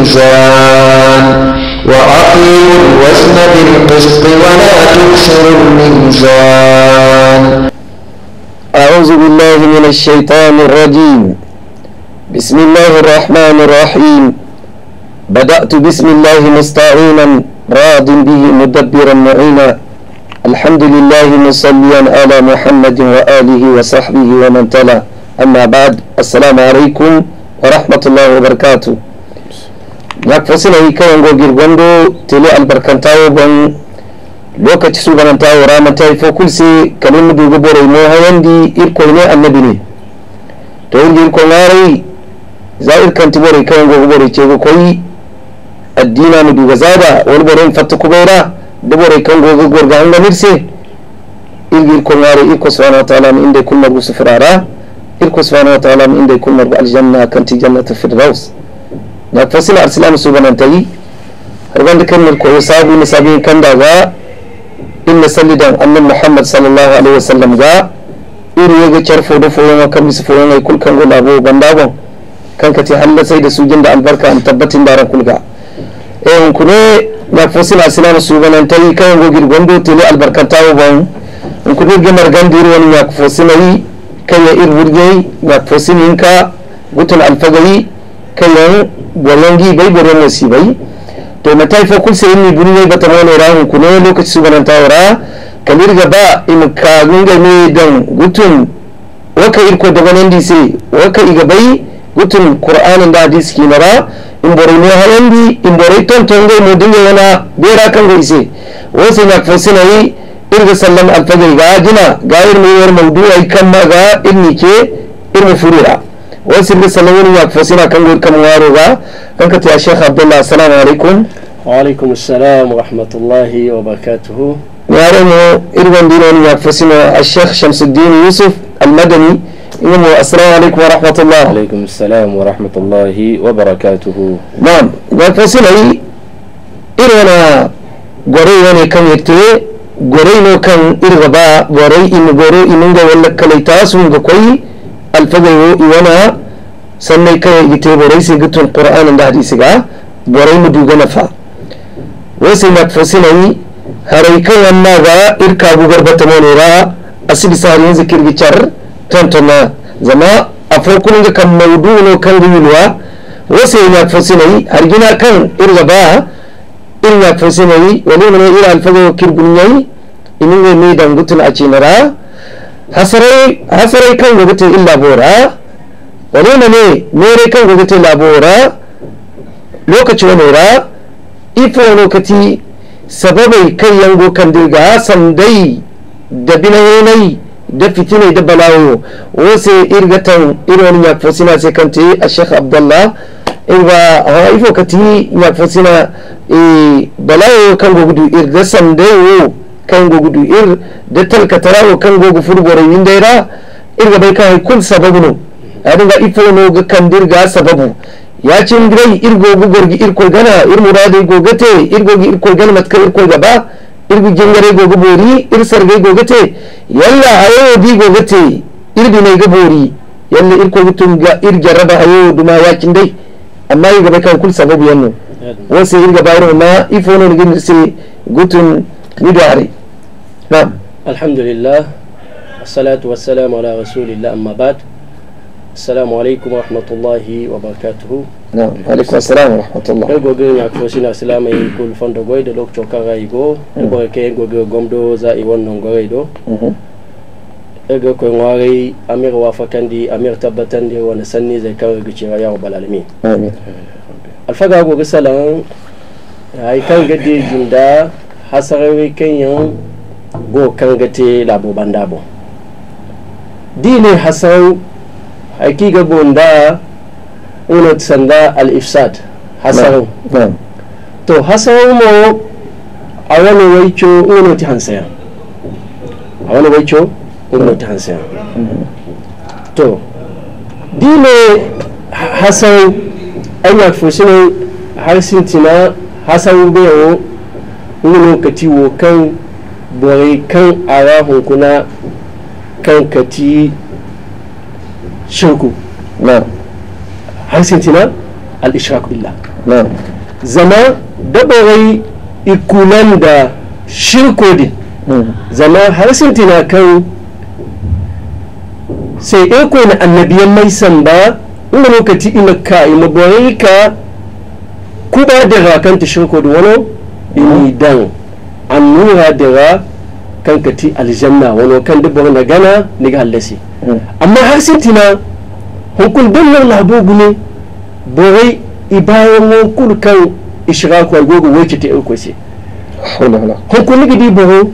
الميزان وأقيموا الوزن بالقسط ولا تكسروا الميزان أعوذ بالله من الشيطان الرجيم بسم الله الرحمن الرحيم بدأت بسم الله مستعينا راض به مدبرا معينا الحمد لله مصليا على محمد وآله وصحبه ومن تلا أما بعد السلام عليكم ورحمة الله وبركاته mak fasila kawai gogir gondo tele albarkantawo ban lokaci su ta yi fo kulse kalin mu dubu bore mo di irko ne annabi ne to indi irko ngarai za irkanti bore kawai gogo bore ce go koyi addina mu za zada wani bore fatta kubaira da bore kan gogo gorga an ganirse irgi irko ngarai irko subhanahu wa ta'ala inda su firara irko subhanahu wa ta'ala inda kullu aljanna kanti jannata firdaus doctor से लारसिला मुसू बनता ही हरबंद कन मिल को anna में सभी कन दागा इन ga अन्न मोहम्मद सल्लल्लाहु अलैहि वसल्लम गा इन ये गचर फोडो फोडो ना कम से फोडो ka albarka an tabbatin kulga eh hun kune na fosila sila go gir gondo tele albarkanta wo ban hun gemar gandir wani ya fosila yi kan ya ir wurge na golongi bai bore no si bai to matai fo kul sai mi bunne bata mono ran ku ne lokaci su banan tawara kamir gaba im ka gunga me dan gutun waka irko da banan di sai waka iga bai gutun qur'anin da hadisi ki mara in bore ne halandi in bore ton ton ga mu dinga wana bera kan ga ise sai na fosina yi irga sallam alfajr ga jina ga irmi yar mawdu'i kan ma ga irni ke irmi furira wasirbisa laguna waafasina kan guurka muwaaruga kan katiya sheekh cabdullah assalaamu calaykum wacalaykum assalaam waraxmat ullaahi wabarakaatuhu muwaaruhu irwan dinon waafasino asheekh shamsudiin yuusuf almadani imamu assalaamu calaykum waraxmat ullah wacalaykum assalaam waraxmat ullaahi wabarakaatuhu naam waafasinay irwana gorayone kan yegtee gorayno kan irgaba goray in goro inunga wala kalay taas alfagan yo iwana sannan kan yi gite borai sai gutun qur'anin da hadisi ga borai mu duga nafa wai sai na fasinai harai kan yanna ga irka gugar bata mai ra asidi sani zikir gicar tantana zama a farkon ga kan maudu no kan gulwa wasai na har gina kan irga ba irga fasinai wani ne ira alfagan kirgunyai imin ne mai dangutun a cinara hasarai kan gogite illabora wanene ne mere kan gogite labora lokaci wani wanora ifo lokati sababai kan yango kan dirga sandai da binayenai da fitina da balawo wose irgatan irin ya fosina sai kan te a shekh abdullah ba a ifo kati ya fosina eh, balawo kan gogudu irga sandai wo kangogu ir datalka talago kangogu furgoraindera irga bai kai kul sababu no adinga ifo ga kandirga sababu ya cin irgogu gorgi irkoi gana gogate irgogi irkoi matka irkoi gaba irgu jengare gogu ir sargai gogate yalla ayo gogate irbinai ga bori yalla irkogu tunga ir jarraba ayo duma ya cin dai amma irga bai kai kul sababu yanno wose irga bayro ma gutun midare نعم الحمد لله الصلاة والسلام على رسول الله أما بعد السلام عليكم ورحمة الله وبركاته نعم عليكم السلام ورحمة الله نقول بين أكفوسنا السلام يكون فندقوي دلوك توكارا يقو نقول كي نقول غمدو زائي ونغوري دو ega koy ngwari amir wafakandi amir tabbatandi wani sanni zai kawai gicira yawo balalmi amin alfaga go gisalan ay kan gadi jinda hasarewi go kangate labo bandabo dine hasan hakika bonda una sanda al ifsad hasan to hasan mo a waicho waico ti hansaya a waicho waico ti hansaya to dine hasan anya fusine har sintina hasan bayawo una katiwo kan bore kan arahun kuna kan kati shirku na har sintina al-ishraku billah na zama da ikunan da shirku ne hmm. zama har sintina kan sai iko na annabiyan mai samba inda lokaci ina ka ima bore ka kuba da rakanta shirku da wani hmm. ini dan nuna dira kan kati aljanna wani kan dubbar na gana niga halasi hmm. amma har sitina hukun dallar labogu ne bore ibayen hukun kan ishira a gogo wacce ta irko se hukun nigidi boro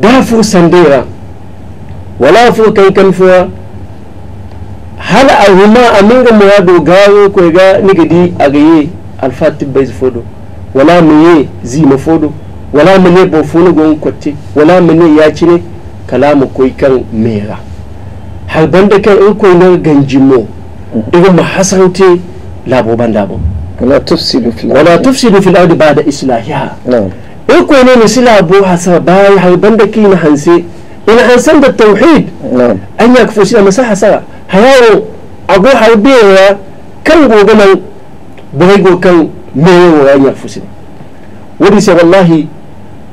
dafu sandera wala fu kan kan fuwa hal a huma a minga murado gawo ko ga nigidi a gaye alfatin bai fodo wala muye zima fodo wala mane bonfoni gon kotte wala mane yacine kalama koy kan mera har banda kan in koy nar ganjimo iga mahasante labo bandabo wala tufsidu fil wala tufsidu fil ardi ba'da islahiha in koy ne sila bo hasa bai har banda kina hanse in an da tauhid an ya kafo shi masa hasara hayawo ago har bewa kan gobe bai go mewa ya fusi wadi sai wallahi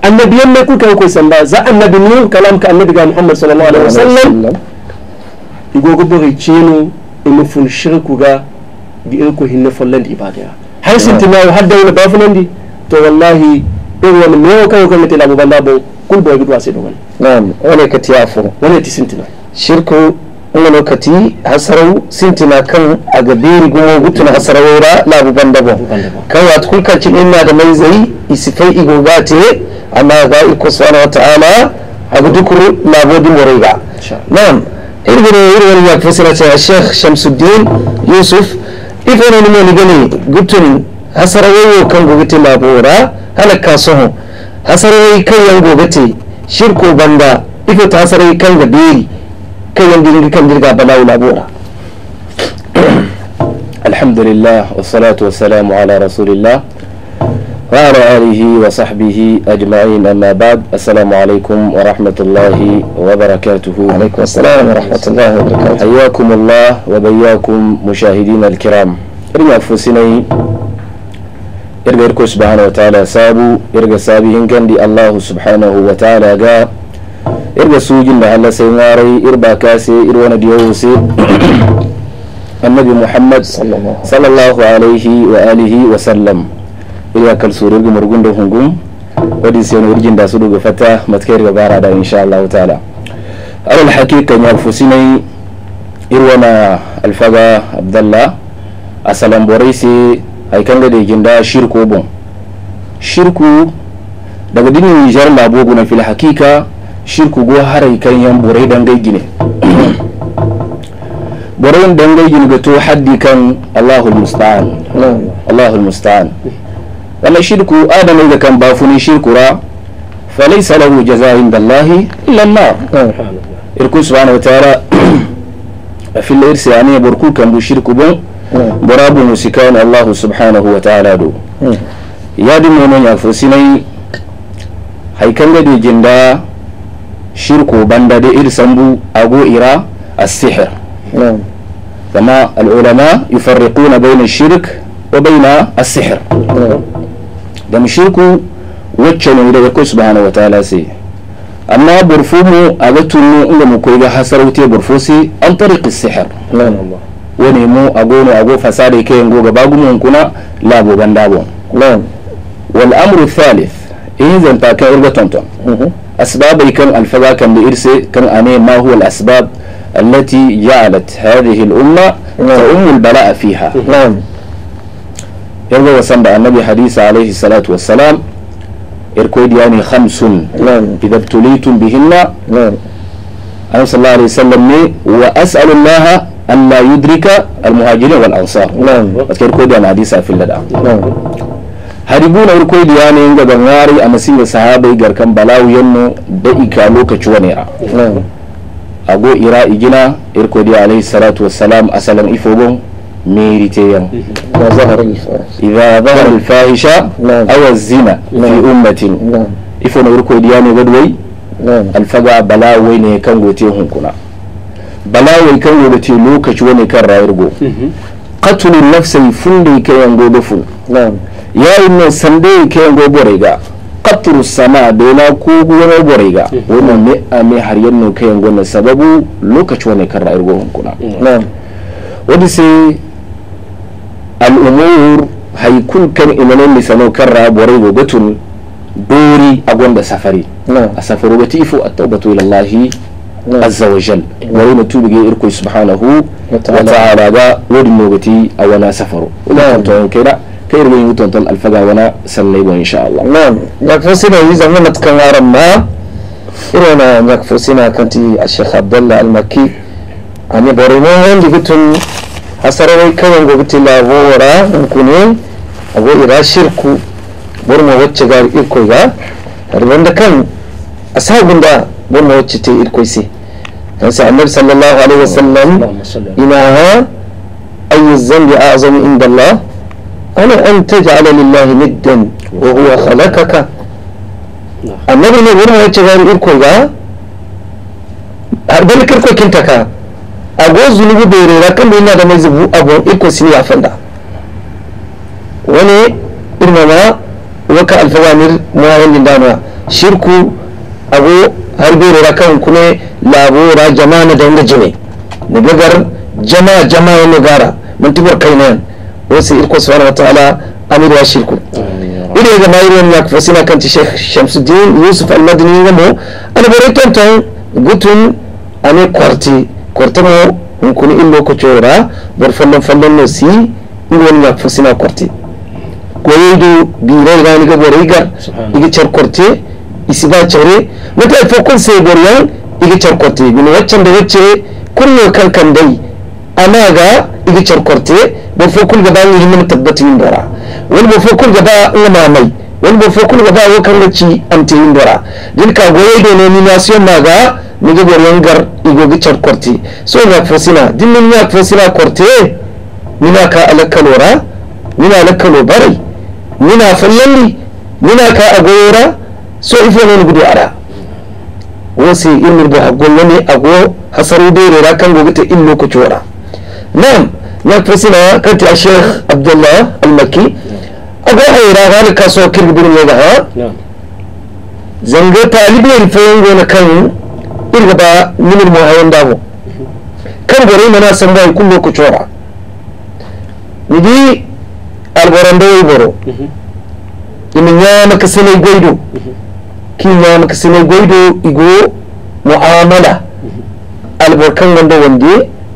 annabi yamma ku kan koy sanda za annabi nu kalam ka annabi ga muhammad sallallahu alaihi wasallam igo go bori cheno imu fun shirku ga gi irko hinna fallan di ibada har sun sintina har da wani wala bafunan di to wallahi in wani mewo kan kan mutila labu banda bo kul gudu a sai da wani wani ka tiyafo wala tisintina shirku nga lokaci hasarau sintina kan aga beri gumo gutuna hasarau ra labu bandabo kan wat kul kan cin inna da mai zai isifai igo te amma ga iko subhanahu wataala aga dukur labo di moriga nam irgire irgire ya fasira ta sheikh shamsuddin yusuf ifana ni gani gutun hasarau kan gogite labo ra halaka soho hasarau kan yan gogate shirko banda ifo ta hasarau kan ga كينجي كنجي بلاو لابورا الحمد لله والصلاة والسلام على رسول الله وعلى آله وصحبه أجمعين أما بعد السلام عليكم ورحمة الله وبركاته عليكم السلام ورحمة الله وبركاته حياكم الله وبياكم مشاهدينا الكرام إرجع فوسيني إرجع سبحانه وتعالى سابو إرجع سابي إن كان الله سبحانه وتعالى قال irga da Allah sai ŋaaray irba ka sai ir wanadiyawo sai annabi muhammad sallallahu alaihi wa alihi wa sallam irga kalsuru irga murgundo hungum wadin da su daga fata matka bara da insha Allah taala alal hakika ya fusinay ir wana alfaga abdallah a salamboray se hay kanga de jinda shirku bon shirku daga dinin jarna na fil hakika shirku go haray kan yan borai dangai gine borai dangai gine ga to haddi kan Allahul musta'an Allahul musta'an wala shirku adamai da kan bafuni shirkura falaysa lahu jazaa'un dallahi illa an-nar irku subhanahu wa ta'ala afilla irsi ani burku kan bu shirku bon hmm. borabu musikan Allah subhanahu wa ta'ala do hmm. ya dimo non ya fusinai haikan gado jinda shirku banda da ir bu ago ira as-sihr al'ulama al-ulama na bayan shirk wa bayan a sihir da shirku wacce ne daga kai subhanahu wa ta'ala sai amma burfu mu a ga tunu inda mu koyi ga hasarauta burfu sai an tariqi sihir wani mu a goma a gofa sa da kayan goga bagu mun kuna labo bandabo wal amru thalith in eh zanta kai urga tonton mhm. أسباب كم الفضاء كم بإرسي كم أني ما هو الأسباب التي جعلت هذه الأمة نعم. تؤم البلاء فيها نعم يرجو وسند النبي حديث عليه الصلاة والسلام إركود يعني خمس نعم إذا ابتليتم بهن نعم أنا صلى الله عليه وسلم وأسأل الله أن لا يدرك المهاجرين والأنصار نعم أذكر كود يعني حديث في الله نعم haribuna irkoy diyane nga gangari amasiba sahabai garkan balawu yanno da ika lokaci wani a ago ira igina irko di alayhi salatu wassalam asalan ifogon merite yan idha dhahara alfahisha aw az-zina fi ummatin ifo na irko di yana gadwai alfaga balawai ne kan gote hunkuna balawai kan gote lokaci wani kan rayuwar go mhm. qatlun nafsi funde kayan gobe fu yayi mai sande ke ngo borega katuru sama dona ko gobe riga wani ne a mai har yanno ke ngo na sababu lokaci wani kan ra'ayar gobe kuna mm. wadda sai al'umur haikun kan imanin misano kan ra'ayar borega gatun dori a gwanda safari a safari wata ifo a taubatu ilallahi azza wa jal mm. wani na tubige irko subhanahu wata ta'ala ga wadin nogati a wani safaro wani kan tawon kai ka yarmayn u doontaan alfagaagana sannaybo insha allah naam magfusina iza manadka maaramma irona magfusina kanti asheekh abdalla almaki ani borimo ndigitun hasaraway kawangogitilaabora nkuni ago iraa shirku borma wacagaar irkoyga ribondakan asaagunda borma wacite irkoysi hansa anabi sala allahu alayhi wasalam inaha ayu zambi aczamu cinda allah ana an taj'ala lillahi niddan wa huwa khalaqaka annabi ne wurin yace bayan irko ga har da kirko kinta ka ago zulubu bai rera kan ina da mai zubu ago irko sini ya fanda wani irmama waka alfawamir mawayan lindana shirku ago har bai rera kan kuma labora jama'a na da yanga jime na gagar jama'a jama'a ya gara mun tubar kai na wosi irko subhanahu wa ta'ala amir wa shirku ire ga ya kufa fasina kanti sheikh shamsuddin yusuf al-madini ngamo albore kanton gutun ane kwarti kwartamo hunkuni illo ko cora bor fallon fallon no si na fasina kwarti ko yidu biro ga ni ga boriga char kwarti isiba chare mata fokon sai boryan igi char kwarti min waccan da wacce kunno kankan dai amaga igi charkorte bofo kul gaba ngi hinna tabbati indora wal bofo kul gaba ngamamai wal bofo kul gaba wakan gaci amte indora din ka goye de ne ni nasiyon maga niga goryan gar igo gi charkorte so na fasina din ni ya fasina korte nina ka alakkalora nina alakkalo barai nina fallalli nina ka agoyora so ifo ne gudu ara wasi ilmir da agwallane ago hasaru dai rera kan gobe ta illo ku cora naam marka fasila kanti asheekh cabdullah almaki aga waxay yidhaahdaan ninkaasoo kirga birmiyeg ahaa zange taalibeen fayangona kan irga baa nimin muhayan dabo kan goray manasan bay kullo ku coora nidi alborandoy boro iminyama kasinay goydo kinyama kasinay goydo igo muamala albor kan gondo wandie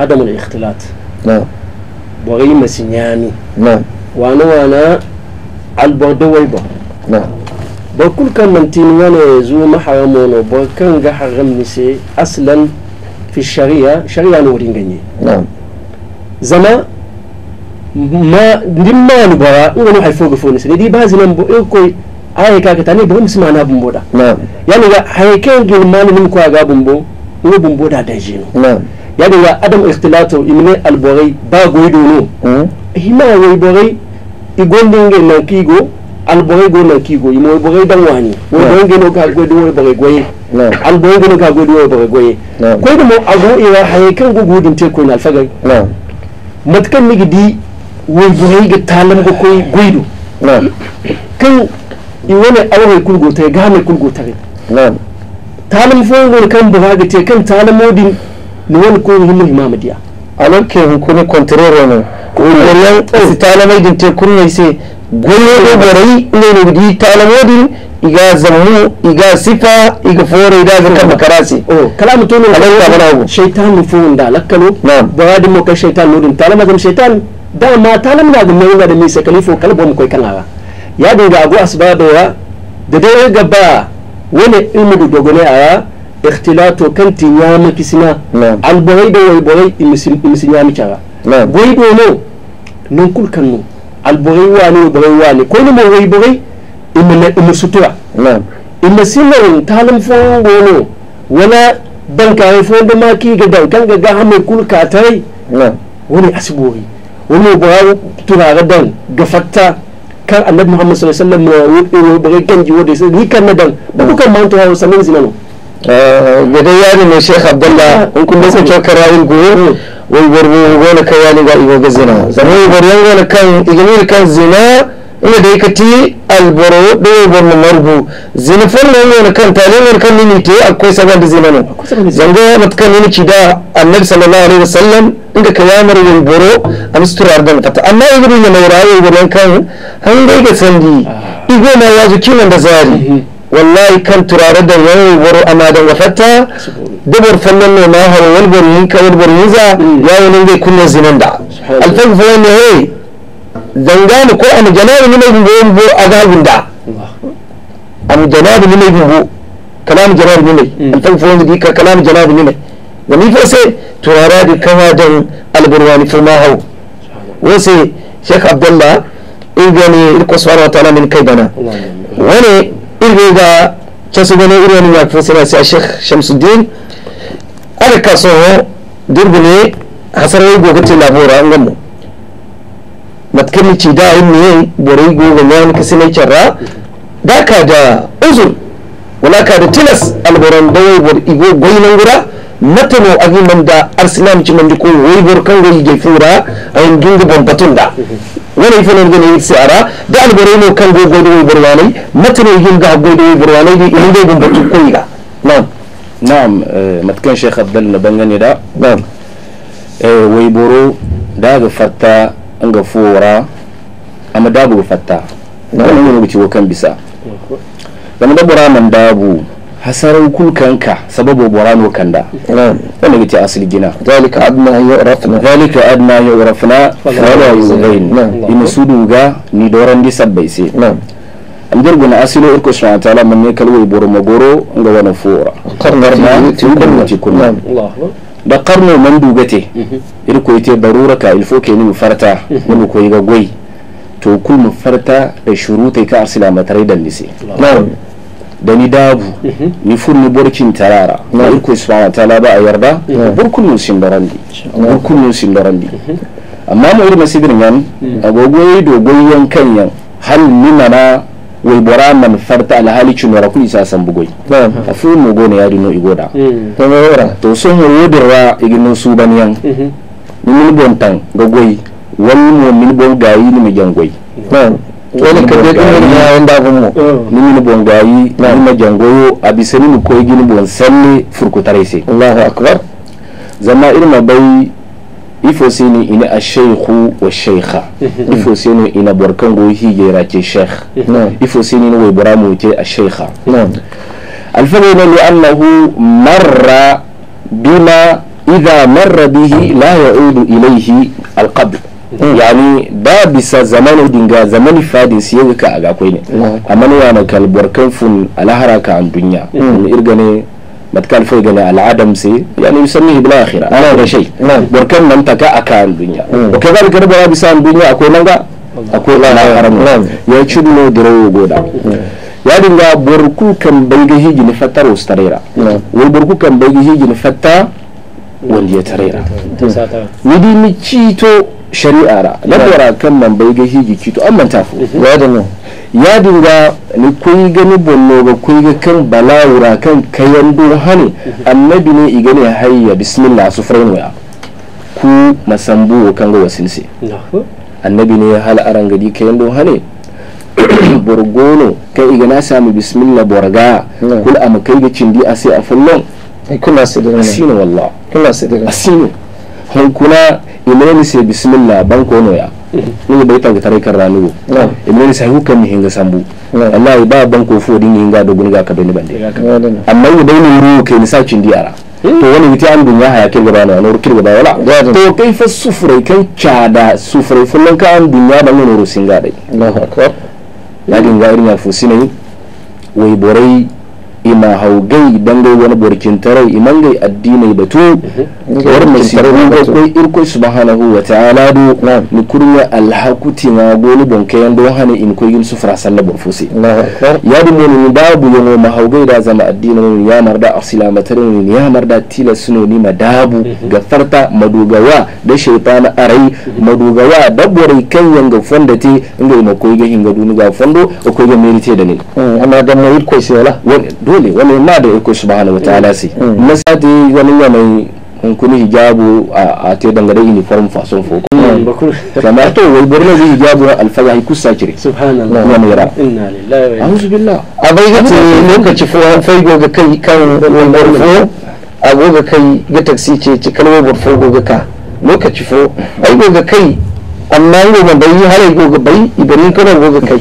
عدم الاختلاط نعم بغي مسنياني نعم وانا وانا البعد ويبا نعم بكل كان منتين وانا يزو ما حرمونه بكان جا حرم اصلا في الشريعه شريعه نورين غني نعم زما ما نما نبرا ونو حي فوق حيفوق فونس دي بازي نمبو آي إلكوي آية, آية كاكتاني بهم سمعنا بمبودا نعم يعني جيل جلمان نمكوا أغا بمبو نو بمبودا داجينو نعم yani waa adam ikhtilaato imne alboray bagoydoono hmm? himaa wayboray igollenge nankiigo alborego nankiigo imo wayboray danwani hmm. wayborengeno kagwedi waybore goye hmm. alborengeno kagwedi waybore goye koydamo ago ira haye kan gogudinte koyna alfagay matkan nigidi wayboreyga taalamgo koy goydo kan iwane awhay kulgotare gahamay kulgotare taalam foyngol kan boragate kan taalamodin ni wani ko muhimmin imamadiya anan ke hukumi kontrero ne wuriyan si talamai din te kunne se goyo do borai ne ne di talamodi iga zammu iga sifa iga fore da ga kan oh. makarasi oh. kalamu to ne Allah ya bana shaytan mu fu nda lakkalo da wadi mo kai shaytan nudin talama zam shaytan da ma talam na gumme ga da mi se kalifo kalbo mu kai kanawa ya dinga go asbaba da dai gaba wani ilmu da dogone a ikhtilaato kan tinyama kisna al bohay da way bohay imisi nyami chaga bohay do no non kul kan no al bohay wani bohay wani ko no way bohay imna imsutura imma sinarin talim fo no wala dan fo da ma ki ga dan kan ga ga mai kul ka tai wani asbori wani bohay tura ga dan gafatta kan annabi muhammad sallallahu alaihi wasallam wa bohay kanji wode ni kan dan ba ku kan ma gadai yari mai sheikh abdullah in kun nasa cokar rayin goyo wai gwarbo gona kan yali ga igo ga zina zama yi gwaryan gona kan igimir kan zina ina da ikati alboro ɗaya gwarna marbu zina fanna gona kan tare gona kan nini te akwai saban da zina nan zanga matakan nini ci da annabi sallallahu alaihi wasallam inda ka yamar yin boro a mistura ardan fata amma igimir na naurawa igimir kan hangai ga sandi igo na yazo nan da zari والله كم ترارد ويور أمادا وفتا دبر فنن ما هو والبر منك والبر يزا يا ونجي كنا زمندع الفن فلان هي زنجان كو أنا جناب من يبن بو بو أذا بندع أم جناب من يبن بو كلام جناب من الفن فلان ديك كلام جناب من يعني فسي ترارد كما دن البروان فما هو وسي شيخ عبد الله إذا إلقوا سبحانه وتعالى من كيدنا وني cilmiga jasidana inaan waafaqsanaysaa sheekh shamsudiin aragkaasoo durbane hasaraygoga tilaaboraangamo madkani jidaa imiyey boraygoga ñaankasinay jaraa daakaada uzur walakaada tilas alborondoway bor igo goynangura matano agimanda arsinamci mandi ko woybor kangoyigay fura ayin gingi bombatunda ولكن يقولون أن السيارة دعنا بريمو كان جو قدوي برواني متن يجيب قاعد قدوي برواني دي إلي دي بمبتو كويلا نعم نعم ما كان شيخ عبد الله بنغني دا نعم ويبورو دا غفتا انغفورا أما دابو غفتا نعم نعم نعم نعم نعم نعم نعم نعم نعم hasaran kulkanka sababu borano kanda wanda gace asali gina zalika adna ya urafna zalika adna ya urafna fala yuzain ina suduga ni doron di sabbai se an jirgin asilo irko subhanahu ta'ala man ne kalwai boro magoro ga wani fura karnar ti kunna da karno man dugate mhm. irko ite darura ka ilfo ke ni mu farta wani mhm. koyi ga goyi to kul mu farta da e ta ka arsila matarai dan nise na'am da ni dabu mhm. ni furni burkin tarara na mhm. irko subhanahu ta'ala ba a yarda mhm. burkun nusin darandi burkun nusin darandi amma mu irin sidir yan agogoyi dogoyen kan yan hal ni mana wai bora man farta alhali cunora ku isa san bugoi a fu mu ne yadi no igoda to sun mu yodirwa igin su ban yan ni mun bontan gogoyi wani mu min bon gayi ni mi jangoi wani ka de dum na wanda bun eh. ni ni bon gayi ni ma jangoyo abisani ni koy gini bon salle furku tarese Allahu akbar zama irma bai ifo sini ina a shaikhu wa shaikha mhm. ifo sini ina borkan go hijera ce sheikh mhm. ifo sini ni wai buramu ce a shaikha alfagai na li annahu marra bima idha marra bihi la ya'udu ilayhi alqabr Mm. yani ba bisa zamani dinga zamani fadin siye ka ga koy ne mm. amma ne yana maka kan fun alahara ka an mm. irga irgane matkal fai gane al'adam se yani yusammihi bil akhirah ana da shay borkan nan ka aka an dunya ka kazalika da bisa an dunya akwai nanga akwai lahara ya cibno dirawo goda ya dinga burku kan bai ga hiji ni fatta rostarera wai burku kan bai ga hiji ni fatta wanda ya tarera ni di ni cito shari'ara na dora kan nan bai ga higi kito an manta fi mhm. ya da nan ya dinga ni kun gani bonno ga kun ga kan balawura kan kayan dur hani mhm. annabi ne i gane hayya bismillah su fara waya ku masambu kan ga wasinse annabi ne ya hal aran gadi kayan dur hani burgono kan i gana sami bismillah borga kul am kai ga cindi a sai a fullon kuna sidirin asino wallah kuna sidirin asino hankuna imani se bismillah banko noya mm-hmm. ni bai tanga tare kan ranu imani sai hu kan hinga sambu wallahi ba banko fo din hinga do gunga ka bani bande amma yi bai ni ru ke ni sa cin ara hmm. to wani witi an dun haya kirga bana na ru kirga bana wala to kai fa sufrai kan cada sufrai fullan ka an dun ya bana singa dai Allahu akbar ya dinga irin ya wai borai ima haugai dangai wani burkin tarai gai addinai batu mhm. war masirin akwai irko subhanahu wa ta'ala do ni kurwa alhakuti ma goni bonke yando hane in ko yusuf rasalla burfusi ya dumo ni babu yango ma haugai da zama addinai ya marda asila matarin ni ya marda tila suno ni madabu mhm. gafarta madugawa da shaytana arai mhm. madugawa dabbore kan te fondate ingai ma gai hinga duni ga fondo o koyge merite da ni mm, amma dan mo irko sai dole wani ma da iko subhanahu wa ta'ala sai mm. Mm. na sati wani yanayi mai hijabu a te dangare uniform fason fo mm. kama to wai borno zai hijabu alfaya hi kusa kire ga lokaci fai goga kai kan a goga kai ga taksi ce ci borfo goga ka lokaci fo ai kai amma goga bai har goga bai ibarin kana goga kai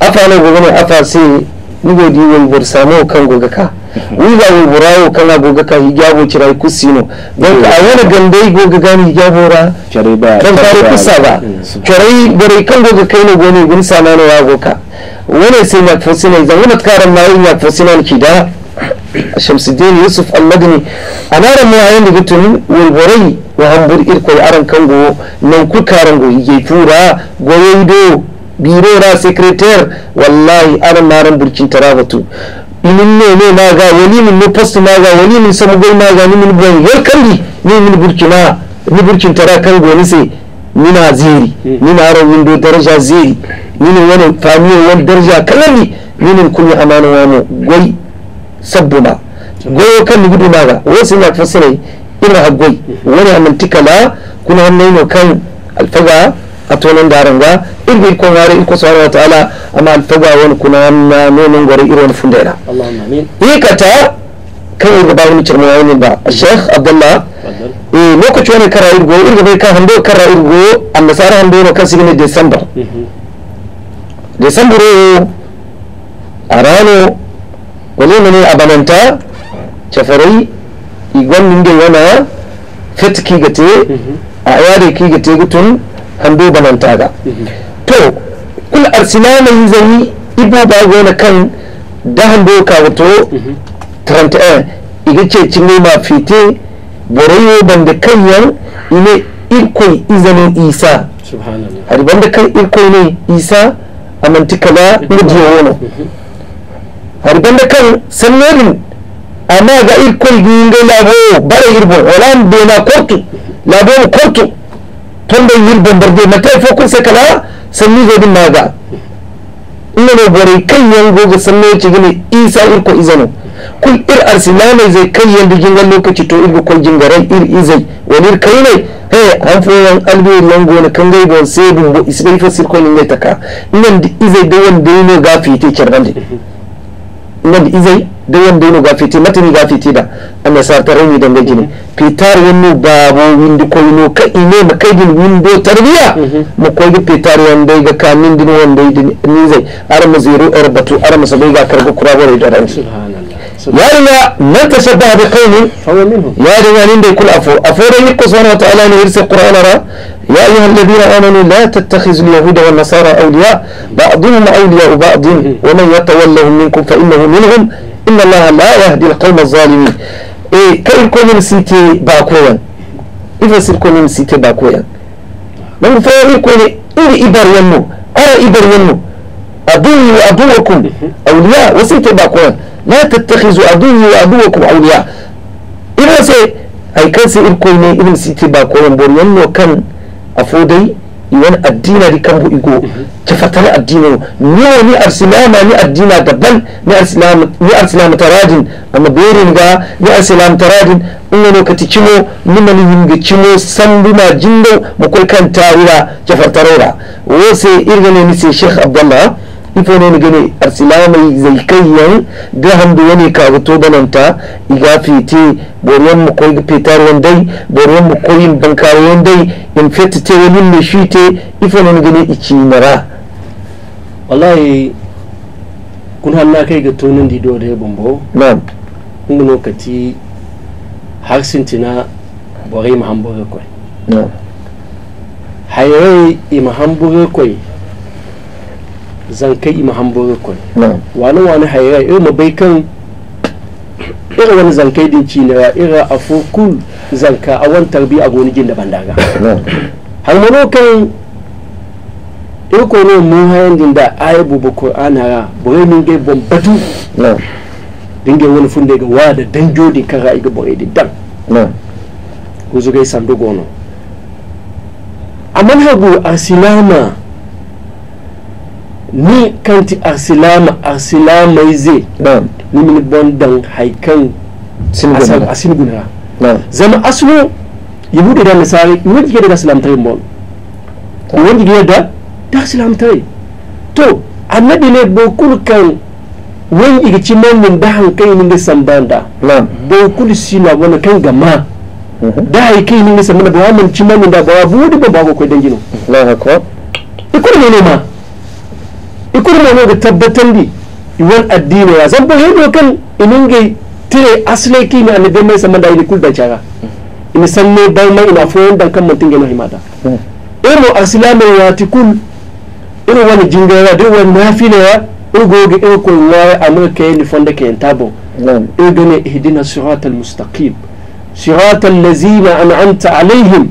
afa na goga afa sai nigo di wolbor samo kan goga ka wiga wolborawo kana goga ka hijabo cirai kusino don ka wani gandai goga gani hijabo ra don fare kusa ba cirai mm, bare kan goga kai ne gone gun sana ne wa goka wani sai ya fosina zan wani karan ma yin ya fosina ki da shamsuddin yusuf almadini a naran mu yayin da gutun wolborai wa hambur irkoi aran kango nan ku karan go hije tura goyo biro na secrétaire wallahi ana maran burkin tarabatu min ne ne ga wani min ne post ga wani min samu na ga ni min gol yar kandi ni min ma ni burkin tara kan goni sai nina ni nina ran windo daraja zeri nina wani famiyo wani daraja kalani nina kunya amana wamo gwai sabbuna goyo kan ni gudu ga wasu na fasira ina hagwai wani amintika na kuna hannun kan alfaga a tonon ga. irbi ko ngare iko subhanahu wa ta'ala amma alfaga won kuna na nonon irin iron fundera Allahumma amin ikata kan irga bawuni cirma wani ba Sheikh Abdullah eh lokaci wani kara irgo irga bai kan hando kara irgo annasara hando no kan sigine December mhm. December a rano wani ne a abananta chafarai igon ningin wana fit kigate mhm. a yare kigate gutun hando bananta ga mhm. to kul yi yuzani ibo ba gona kan dahan doka wato 31 eh, iga ce ne ma fite borayo banda kan yan ine ikon izanin isa har banda kan ikon ne isa a na mujiya wani har banda kan a amma ga irkoi gingo labo bara irbo wala na kortu labo kortu tonda yirbon barde matai fokun sai kala sanni godin maga inano boray kaŋ yaŋ go ga sannayo gani isa irko izano kun ir arsilamay zey kaŋ yandi jingal lokaci to irga koy jingaray ir izey wani ir ne he an hanfoyaŋ alberi yaŋ goono kaŋgay boŋ se bumbo isbay fasir koy ningay taka ingandi izey da gafi ga fiite cerdande nad izai da yanda yana gafiti matani gafiti da anna sartare ni da gine mhm. fitar yanno babo windi ko no ka ine ma kai din windo tarbiya mhm. ma ko ga pitar yanda ga kamin din wanda ni zai ar mazuru ar batu ar masabai ga kargo kurabare da يارنا من تشبه بقوم فهو منهم يارنا نين كل أفور أفور يقول سبحانه وتعالى نيرسي القرآن را يا أيها الذين آمنوا لا تتخذوا اليهود والنصارى أولياء بعضهم أولياء بعض ومن يتولهم منكم فإنه منهم إن الله لا يهدي القوم الظالمين إيه كيركم نسيتي باكويا إذا سيركم نسيتي باكويا من فيركم إيه إبر ينمو أرى إبر ينمو aduwi wa aduwakum auliya wasu ke ba kuran la tattakhizu aduwi wa aduwakum auliya ina sai ai sai irko ne irin si te ba kuran bor yanno kan afodai iwan addina di kan bu igo ta fatara addina ni ni arsilama ni addina daban ni arsilama ni arsilama taradin amma berin ga ni arsilama taradin in wani kati cimo nima ni yimge cimo sambuma jindo makwai kan ta tarira jafartarora irin ne ni sai sheikh abdallah ifoneni gene arsilamai zaikayyan da hamdu yani ka abuto bananta iga fete boriyan mu koyi fetar wandai boriyan mu koyi bankar wandai in fete te wani mai shi te ne gane ici mara wallahi kun hanna kai ga tonin dido da ya bambo na'am kun gano kati har sintina bori mahambo ga kwai na'am hayayi imahambo ga kwai zan kai ima hamburger kon wani wani hayra irma bai kan irin wani zankai din ci na ira a fokul zanka a wani tarbi a goni da bandaga har mano kan iko ne mun hayan din da ayi bubu qur'ana ra bore min ge bombatu dinge wani funde ga wada danjo din kara iga bore din dan ko sandu gono dogono amman hagu arsilama ni kanti arsilama arsilamai zai ni mini bondan haikan asin gunra zama asno yahuda da nasari wani gida da silamtare bon wani gida da da silamtare to annabi ne bokul kan wani igici mamin da hankai ni mhm. da sambanda bokul sina wani kan gama da haikai ni da sambanda ba wa manci mamin da ba wa buɗe ba ba ko kai dangino ikon ne ne ma ikurmanoga tabbatandi iwan addinoya zambo heno kan iningey tire asle kini annabi mai samanda ini kulda chaga ini sanne balma ina foyon dan kan mantinge no himada ero aslame wati kul ero wani jingaya de wani nafila ya ugoge ero ko ngaya amur ke ni fonde ke entabo ero done ihdina siratal mustaqim صراط الذين أنعمت عليهم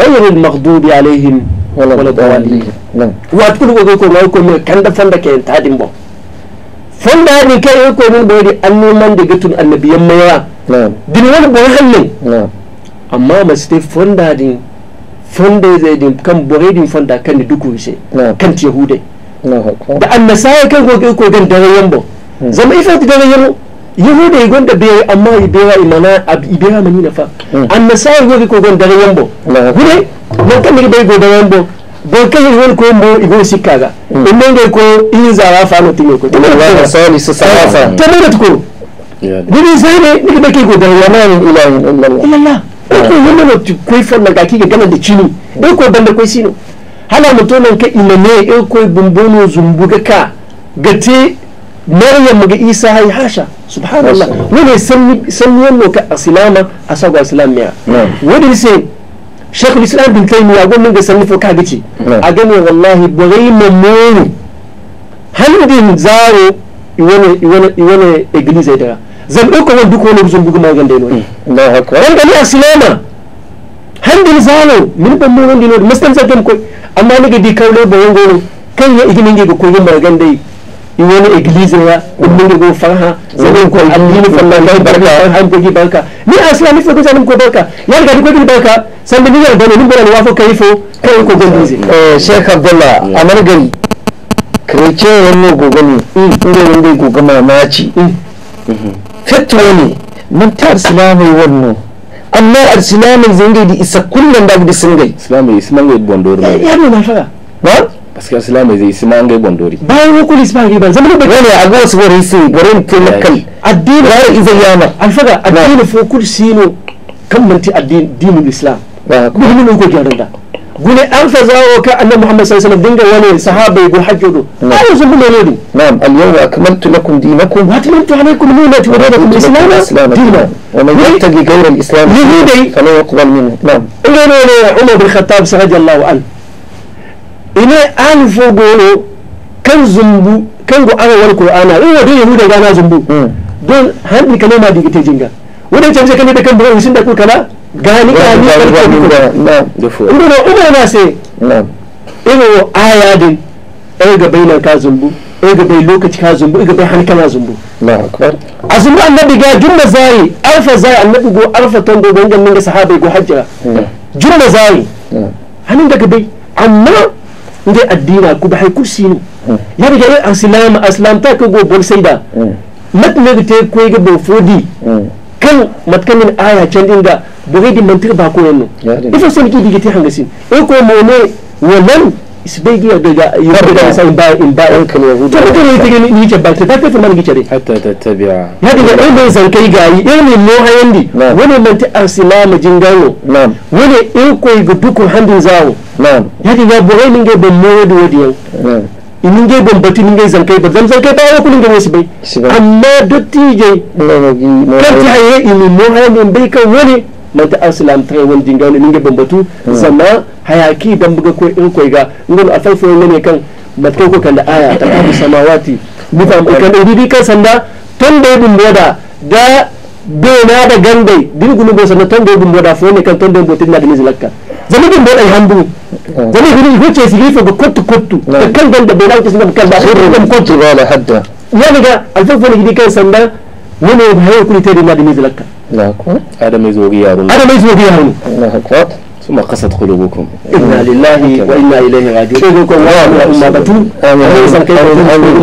غير المغضوب alayhim wala gawali wat wa go ko ma ko me kanda fanda ke tadin bo fanda ni kai ko mun do di annoman da gatun annabiyan mayawa din wani bo hannun amma masu fanda din fanda zai din kan bore din fanda kan duku se kan ti yahudai da an annasaya kan go ko gan dare yambo hmm. zama ifa dare yambo yahuda yi gonda bai amma ibera imana ibewa mani na fa hmm. annasaya go ko gan dare yambo gure bankanigi bai godawan bon bonkahi won ko mbo igo sikkaga hmm. imenge ko inzawa fano tingo ko temedet ko dini sene nigi bake godawa wamanin ilahin illallah illallah ko yemeno tu koy forna ga gana de chini e ko banda koy sino hala mutum nan ka ilame e koy bumbono zumbuga ka gate maryam ga isa hay hasha subhanallah wani sanni sanni wannan ka asilama asagwa islam wani sai shekul islam bin ya gomin ga sannu ka gici a gane wallahi bari mamoni hannun zaro iwane iglis zai dara zan ɗauka wani duk wani zan bugu magan da yanoni ran gani a silama hannun zaro min ban mai wani yanoni mastan zaton koi amma ni ga di kawo bayan goro kan ya iginin ga koyon magan da yi wani iglesia ya kullum da zo farha zanen ko addini fallahi barka han ko barka ni aslami fa ko zanen ko barka ya ga ko barka san da ni ga da ni bura wa fo kai kai ko gondi eh sheikh abdullah amar gari kirce wannan gogani inda wanda goga mamaci mm. mhm. fetwa ne mun ta islamai wannan amma islamai zai da isa kullum da gidisin gai islamai islamai bondoro eh, ya ya na fara wa gaskiya su lamai zai suna an gai gondori bayan hukuli su fahimci ban zama da wani a gosu wani su wani ke makal addini ya iza yana alfaga addini fokul sino kan manti addinin islam kuma hannun uku gyaran da gune an fa zawo ka annabi muhammad sallallahu alaihi wasallam dinga wani sahaba ya hajjo do ayo sun bi ne na'am al yawma akmaltu lakum dinakum wa atmamtu alaykum ni'mati wa raditu al-islam dinan wa man yattaqi ghayra al-islam fa la yuqbal minhu na'am ne ne umar bin khattab radiyallahu anhu ine an fogoro kan zumbu kan go ara wal qur'ana in wadi da gana zumbu hmm. don handi kana ma digite jinga wani canje kan da kan bura sun da ku kala gani gani kan ko ko ndo uba na se ino aya din ai ga bainar ka zumbu ai ga bai lokaci ka zumbu ai ga bai hankala zumbu a zumbu annabi ga jumma za'i alfa zai annabi go alfa tango go nan ga sahabai go hajjira hmm. jumma za'i. Hmm. hanin daga bai amma nde addina ku ba haiku sino yar gare aslam aslam ta ko bol saida hmm. mat ne te ko ga bo fodi hmm. kan matkan min aya can bo ga din mantir ba ko yanno ifa sun ki digite hangasin e ko mo ne wannan isbegi ya da yarda sai ba in ba an kan yahuda to kuma yake ni ni ce ba ta ta ta margi cire hatta ta tabiya eh, ya daga dan bai san kai gari irin mo hayandi wani man ta arsila ma jingano wani in koi ga duku handin zawo ya daga boye eh, ninge ban mo wadi wadi yau in ge ban batu ninge san kai ba zan san kai ba wa kullun ga wasu bai amma dotti je kan ta haye in mo hayandi bai kan wani manta arsalan tare wani jingani ninge bambatu sama hayaki dan buga ko in koi ga ngon alfaifo ne kan batkai ko kanda aya ta abu samawati mutan ko kan didi kan sanda ton da ibn boda da bena da gande din gulu go sanda ton da ibn boda fo ne kan ton da botin na da mizlakka zama ibn boda hambu zama ibn huce silifa go kottu kottu kan ganda bena ko sanda kan da ko kottu wala hadda yani ga alfaifo ne didi kan sanda wani hayo kulite da na da mizlakka الله أكبر هذا ما يزوغي يارون هذا ما يزوغي يارون الله أكبر ثم قصد قلوبكم إنا لله وإنا إليه راجعون وما بتون أمين أمين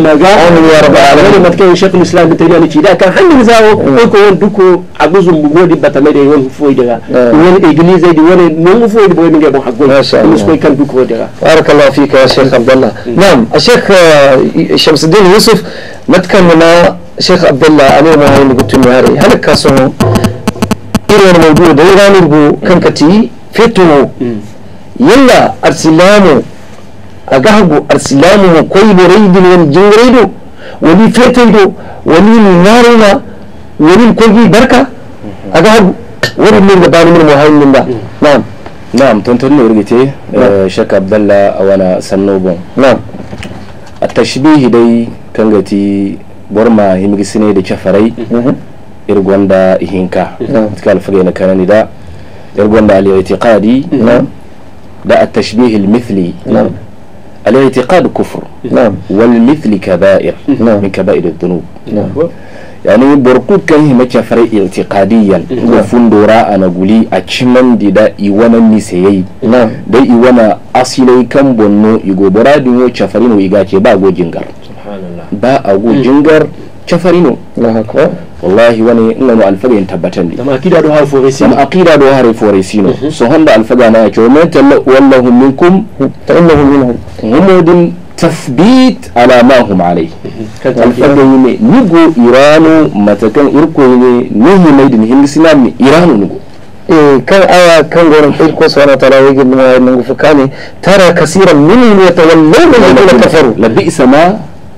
يا رب العالمين ما تكون شيخ الإسلام بتريان كذا كان حن زاو يكون دكو عجوز مبود بتمد يوم فويدا وين إجنيز يد وين نوم فويد بوي من جبهة حقول مسكوا كان دكو دا بارك الله فيك يا شيخ عبد الله نعم الشيخ شمس الدين يوسف ما sheekh cabdillah anuumahay nagutumaaray halakaasoo iran mawduuc dayraanirgu kankati fitu hmm. yalla arsilaamu agahagu arsilaamu koyberaydu waljingraydu wali fetaydu wali naaruna wani koygi barka agahagu wari mirga baanimir muhayminda hmm. naam naam tontonni urgite sheekh cabdallah awana sannoubon naam التشبيه دي كانت borma himigisinayda jafaray mhm. irgonda ihinka mhm. tikal fagayna kananida irgonda al-i'tiqadi da at-tashbih al-mithli الاعتقاد كفر نعم والمثل كبائر نعم من كبائر الذنوب نعم يعني بركوب كان ما كفر اعتقاديا وفندورا انا غولي اچمن ديدا ايوانا نيسيي نعم دي ايوانا اصلي كان بونو يغوبرا دي مو كفرين ويغاكي با غوجينغار ba a gujin hmm. gar cafarino oh, wallahi wani ina mu alfaga yin tabbatan ne kama akida do hare foresino hmm. so da alfaga na yake wani talla wallahu minkum ta'allahu minhum humudin tasbit ala ma hum alai alfaga yi ne nigo Iranu matakan irko yi ne nuhu mai din hindisina mai irano nigo eh kan aya kan gorin ko so na tarawi gidin mai nigo ne tara kasiran minhum yatawallawna alladhina kafaru labisa ma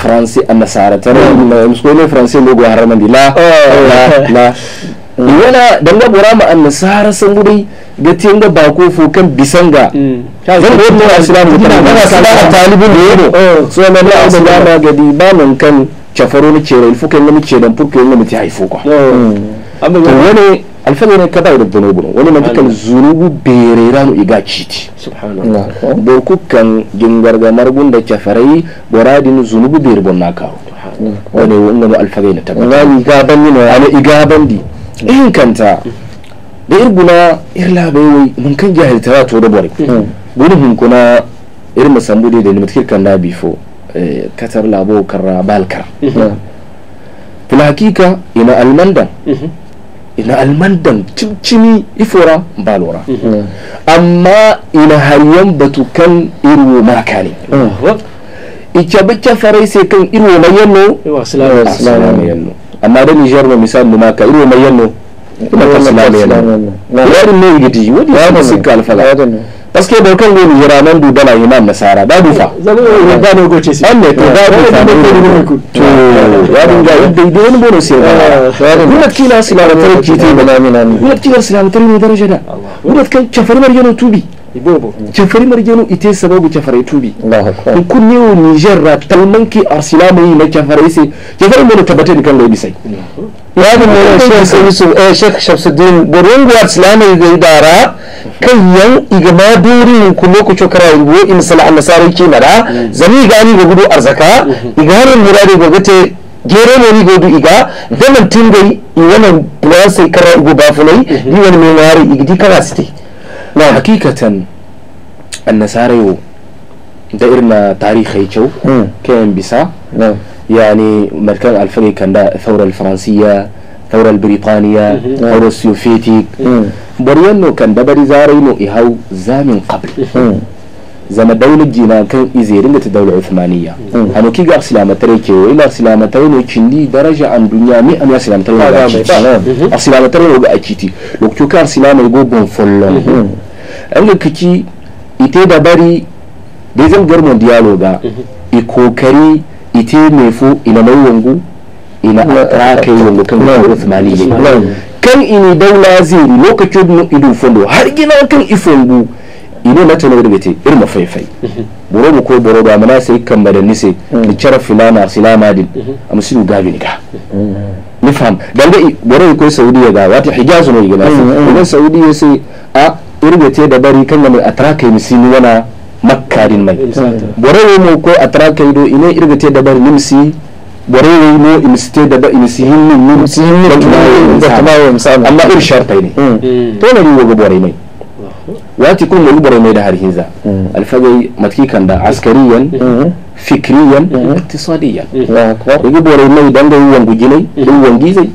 français a nasara ta taramuskone français logo haramandi la la wala danga burama an nasara san gudai ga tenga ba ko fo kan bisanga zan da yadda asilamu tana na sala talibin da yado so na da asilama ga di ba man kan chafaro ni cere il faut kan ni cere dan pour que ni mutai haifo ko amma wani alfamina da dhunubu wani man kan zunubu ranu iga citi subhanallah bo kukan jingarga margunda chafarai boradin zunubu bere bon naka wani wannan alfamina ta ngani ga banni no ana iga di in kanta da irguna irla bai wai mun kan jahil za to da bore hmm. gudu hun kuna irin musambu da ni mutkir kan da bifo eh, katar labo karra balkar hmm. fil hakika ina almandan hmm. ina almandan cimcini ifora balora amma ina batu kan irwo maka ne icabica farai sai kan irwo mai yanno ah, amma da nijar na misali maka irwo mai yanno kuma ta silama yanno wani ne gidi wani ya masu alfala parce que bai kan gomi jira nan duba na imam nasara da dufa ba ne goce si anne to da dufa ne to ya dun ga yadda ido wani bono sai ba kuma kila silamatar kiti bana mina ni kuma kila silamatar ne daraja da kuma kan chafar marjano tubi bobo cafari marjanu ite sababu cafare tubi kunne o niger ra talman ki arsila mai na cafare sai cafare mai tabbata ni kan lodi sai ya mun ne shek samisu eh shek shamsuddin borun gwar islama ga idara kan yan igama duri ku lokaci kara ruwa in sala an nasara ki mara zani gani ga gudu arzaka igarin murade gogate gere ne ni godu iga dalan tingai i wannan plan sai kara go bafunai mhm. Ni wani mai ngari igdi kara site نعم حقيقة النساريو دائر ما تاريخ يجو كان بسا نعم يعني مركز الفريق كان الثورة الفرنسية الثورة البريطانية الثورة نعم. السوفيتي بريانو كان دبري زارينو إهو زامن قبل زمن دولة جينا كان إزيرين الدولة العثمانية أنا كي قال سلامة تريكي وإلا سلامة تريكي كندي درجة عن دنيا مي أنا سلامة تريكي أجيتي سلامة ترينو أجيتي نعم. لو كان سلامة يقول بون فلون an kici ite da bari da zan garman diyalo ba. Mhm. i kokari ite mefu ina mai wangu ina aka yi wangu kan kuma usmani ne kan ini daula ziri lokacin no idu fondo har gina kan ifongu ine na tanar bete irma faifai mhm. boro mu ko boro ba mana sai kan bada nise mhm. ni cara filana silama din musulun gabi nika ni fam dan da boro ko saudiya ga wata hijaz no gina sai idan saudiya sai a irgete da bari kan gamin atraka yi misi wana makkarin mai borewe mo ko atraka yi do ine irgete da bari nimsi borewe mo imiste da bari imisi hinni nimsi hinni da tumawo misali amma ir shartai ne to na riwo ga borai mai wati kun mu borai mai da har hinza alfagai matki kan da askariyan fikriyan iktisadiyan ko ga borai mai dan da wangu jinai dan wangizai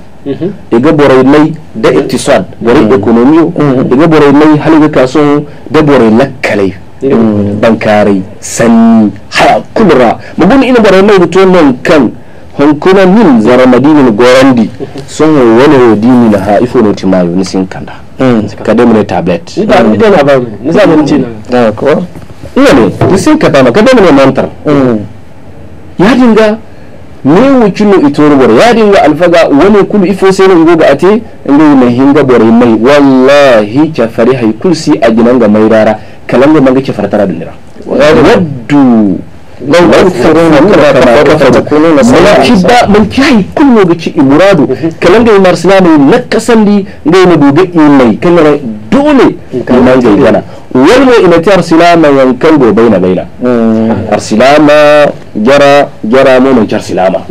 iga boray lay da iqtisaad warin mm. ekonomiyo mm. iga boray lay haliga kaasoo da boray la kalay mm. bankaaray san haya kulra magun ina boray lay to non kan honkuna min zara madinin gorandi sun wani rodini na ha ifo no timayo ni sin kanda kada mun tablet ni da na ba ni za mu ci na ah, ko ne ni sin kada ma kada mun mantar ya dinga ne cinu itoro bor yadin alfaga wani kul ifo sai nan goga ate ngai na hinga bor mai wallahi cha fari hay kulsi ajinan ga mai rara kalanga manga cha fartara dindira waddu لو تنفرون كما تكونون سواء شبا من كاي كل نوغتي مرادو كلام دي مارسلانو نكسن دي غير نبوغي dole liman zai gana wal mu'minati arsilama yankango baina baina arsilama jara jara mu mai jar silama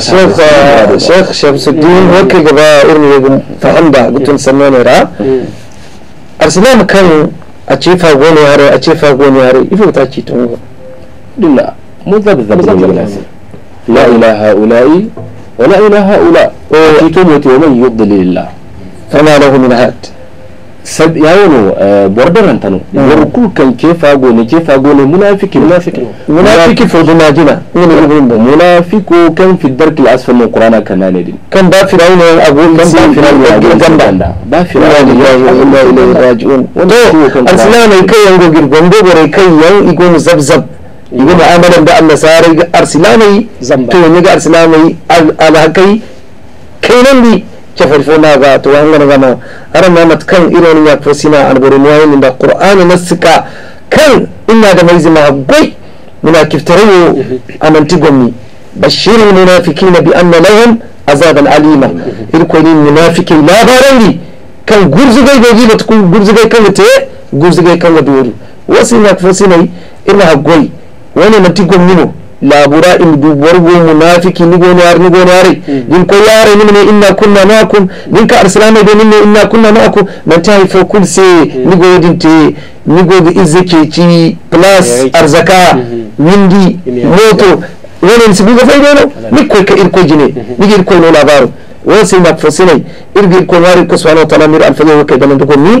shekh shekh shamsuddin wakil gaba irin fahimda gutun sannan ra arsilama kan a ce fagon yare a ce fagon yare ifo ta ce tun ga dilla mu zabzab la ilaha ula'i ولا إله هؤلاء وأتيتم ومن يضلل الله فما له من هاد ya yi yawon eh, bordaran tano yawon mm. kukan kefa gone kefa gone munafiki munafiki fardu najina munafiko kan fidar kilas fannin qur'ana kan nane din kan ba firawun yan abu kan ba firawun yan abu ganda ba firawun yan abu rajiun to aslan ne kai yan gogir gombe gore kai yan igon zabzab mm. igon mu'amalan da Allah sarai ga arsilanai to ne ga arsilanai alhakai kai nan bi jahilfu na ga to an gana gano ara mamat kan irin wani yakfa sina an bari ni ayin da qur'ani nasika kan ina da mai zima gai muna kiftarayo amanti gommi bashirul munafiqina bi anna lahum azaban alima irin ko ni munafiqin labaran ni kan gurzugai gai ba tukun gurzugai kan te gurzugai kan wadori wasu yakfa sina irin ha wani mati gommi no labura in du borgo munafiki ni goni ar ni goni ar hmm. din ko yare ni ne inna kunna ma'akum din ka arsalama be ni ne inna kunna ma'akum man ta hi fa kul se hmm. ni go din te ni go ga izake ci plus arzaka hmm. windi moto wonen sibu ga faydo no ni ko ka ir ko jine ni ir ko no labaru wasi ma fasinai irgi ir ko wari ko su wa ta'ala mir al wakai ka dalan ni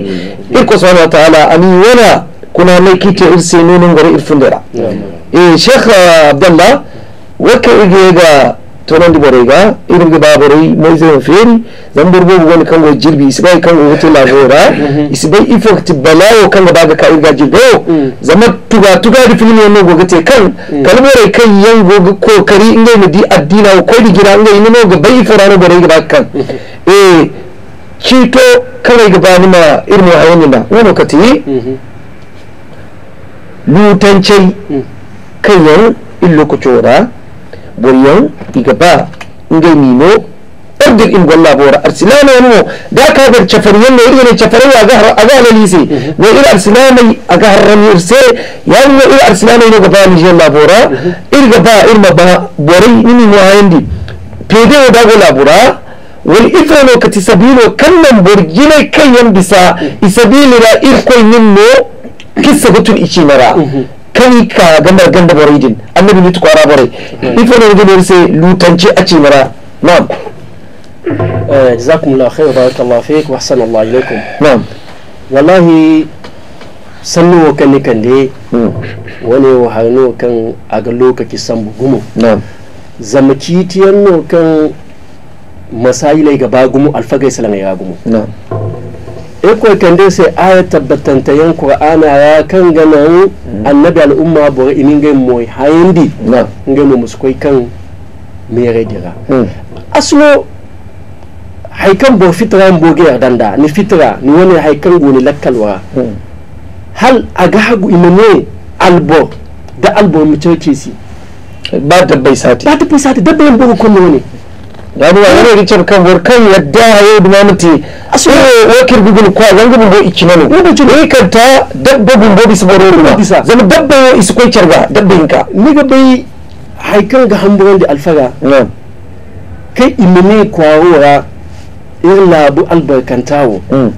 ir su subhanahu wa a ani wala kuna mai kite ir se nonon irfin ir fundera sheekh abdallah wakaigeega tonondi boreyga irmga baborey moyzen feri zamborbogu gon kango jirbi isbay kango wote lagora isbay ifokti balayo kanga baga ka irga jirgo zama tuga tuga di filmi no go gate kan kalmore kan yango go kokari ingai mudi addina o koidi gira ingai no go bai forano boreyga bakkan eh cito kawai gabani ma irmu hayanina wono kati lutancai Crayon, il lo kuchora, buriyan, igaba, ngay mino ordig in gwalla bora, arsilana yanumo, da kagar chafariyan, na irgane chafariyan agahra, agahra lisi, na ir arsilana agahra mirse, yanu ir arsilana ino gaba nijalla bora, ir gaba, ir maba, bori, nini muayindi, pede odago labura, wal ifano kati sabilo kannan borginai kayan bisa isabilira irkoi ninno kissa gutun ichi mara kan ka gandar ganda bare din annabi lut kwara bare eh. ifo ne gidin sai lutance a ce mara na'am eh, jazakumullahu khair barakallahu fik wa hasan Allah ilaikum na'am wallahi sannu wa kan kan de hmm. wani wa harno kan ga lokaci san gumu na'am zama kitiyan no kan lai gaba gumu alfagai salan ya gumu na'am iko kande sai aya tabbatanta yan qur'ana ya kan ganan annabi al'umma bo in ga moy hayindi ngai mu muskoi kan mere dira hmm. aslo haikan bo fitra bo ga danda ni fitra ni wani haikan goni lakkal hmm. hal aga hagu imane albo da albo mu cece si ba bai sati ba bai sati da bai bo ko ne ganuwangane yaani yaani- richard kan warkan yadda hayo dumamti asiro wakir gugul kwa wangu bumbo ichinanu wanda chulu ikanta dabba bumbo bisaboro duma zama dabba yo isikoi charga dabba inka niga bai haikan ga hambu wanda alfaga kai imene kwa wura irlabu albarkantawo mm.